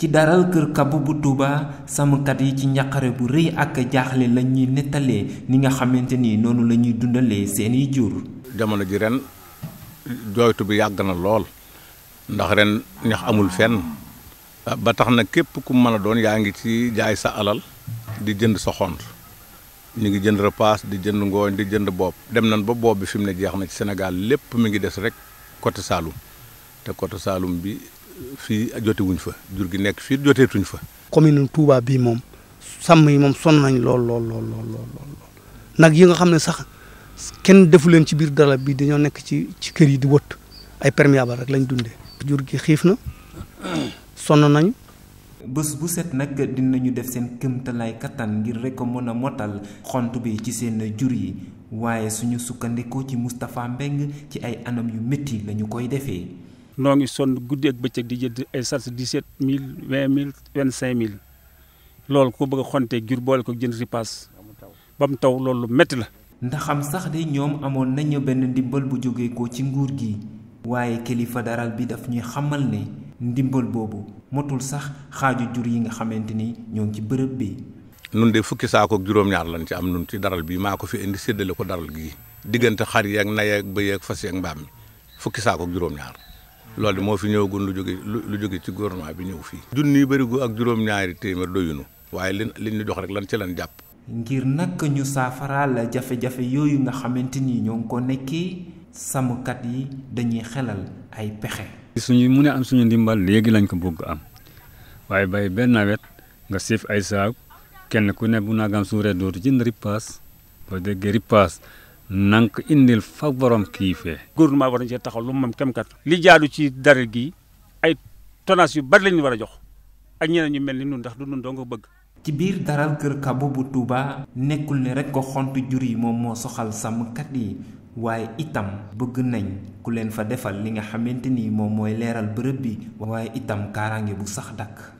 ci daral kër kabu bu tuba samkat yi ci ñakare bu rëy ak jaaxle la ñuy nettalee ni nga xamante ni noonu la ñuy seen seeni jur jamono ji ren joytu bi yàgg na lool ndax ren ñax amul fenn ba tax na képp ku mën a doon yaa ci jaay sa alal di jënd sa xont ñu ngi jënd repas di jënd ngooñ di jënd bopp dem nañ ba bopp bi fi jeex na ci sénégal lépp mi ngi des rek côté saalum te côté saalum bi fii jotewuñ fa jur gi nekk fii joteetuñ fa. commune Touba bii moom sàmm yi moom sonn nañ lool lool lool lool nag yi nga xam ne sax kenn defu leen ci biir dara bi dañoo nekk ci ci kër yi di wëtt ay perméable rek lañ dunde jur gi xiif na sonn nañu. bés bu set nag dinañu def seen këmtalaay kattan ngir rek mën a mottal xont bi ci seen jur yi waaye suñu sukkandikoo ci Moustapha Mbeng ci ay anam yu métti lañu koy defee. noo ngi sonn guddi ak bëccëg di jënd ay sas dix-sept mille vingt mille vingt-cinq mille loolu ko bëgg a xontee jur boole ko jënd ripaas ba mu taw loolu lu métti la. ndax am sax de ñoom amoon nañu benn ndimbal bu jógee ko ci nguur gi waaye kilifa daral bi dafa ñuy xamal ne ndimbal boobu motul sax xaaju jur yi nga xamante ni ñoo ngi ci bërëb bi. nun de fukki saako ak juróom-ñaar lañ ci am nun ci daral bi maa ko fi indi séddale ko daral gii diggante xar yeeg nay ak bëy ak fas yeeg mbaam mi fukki saako juróom-ñaar. loolu moo fi ñëwagun lu jóge lu jóge ci gouvernement bi ñëw fii. junni bërigo ak juróom-ñaari téeméer doyunu waaye liñ liñ ñu jox rek lan ci lan jàpp. ngir nag ñu saafaraal jafe-jafe yooyu nga xamante ni ñoo ngi ko nekki sàmmkat yi dañuy xelal ay pexe. suñu mu ne am suñu ndimbal léegi lañ ko bëgg am waaye bay benn nawet nga siif ay saag kenn ku ne bu naagam suuree dootu jënd ripaas boo déggee ripaas na indil fa borom kii fee. gouvernement war nañ cee taxaw lu moom kem kat li jaalu ci dara gi ay tonnage yu bari lañuy war a jox ak ñeneen ñu mel ni ñun ndax du ñun doo nga bëgg. ci biir daral kër Kabo bu tuubaa nekkul ne rek ko xont jur yi moom moo soxal sàmmkat yi waaye itam bëgg nañ ku leen fa defal li nga xamante ni moom mooy leeral bërëb bi waaye itam kaaraange bu sax dakk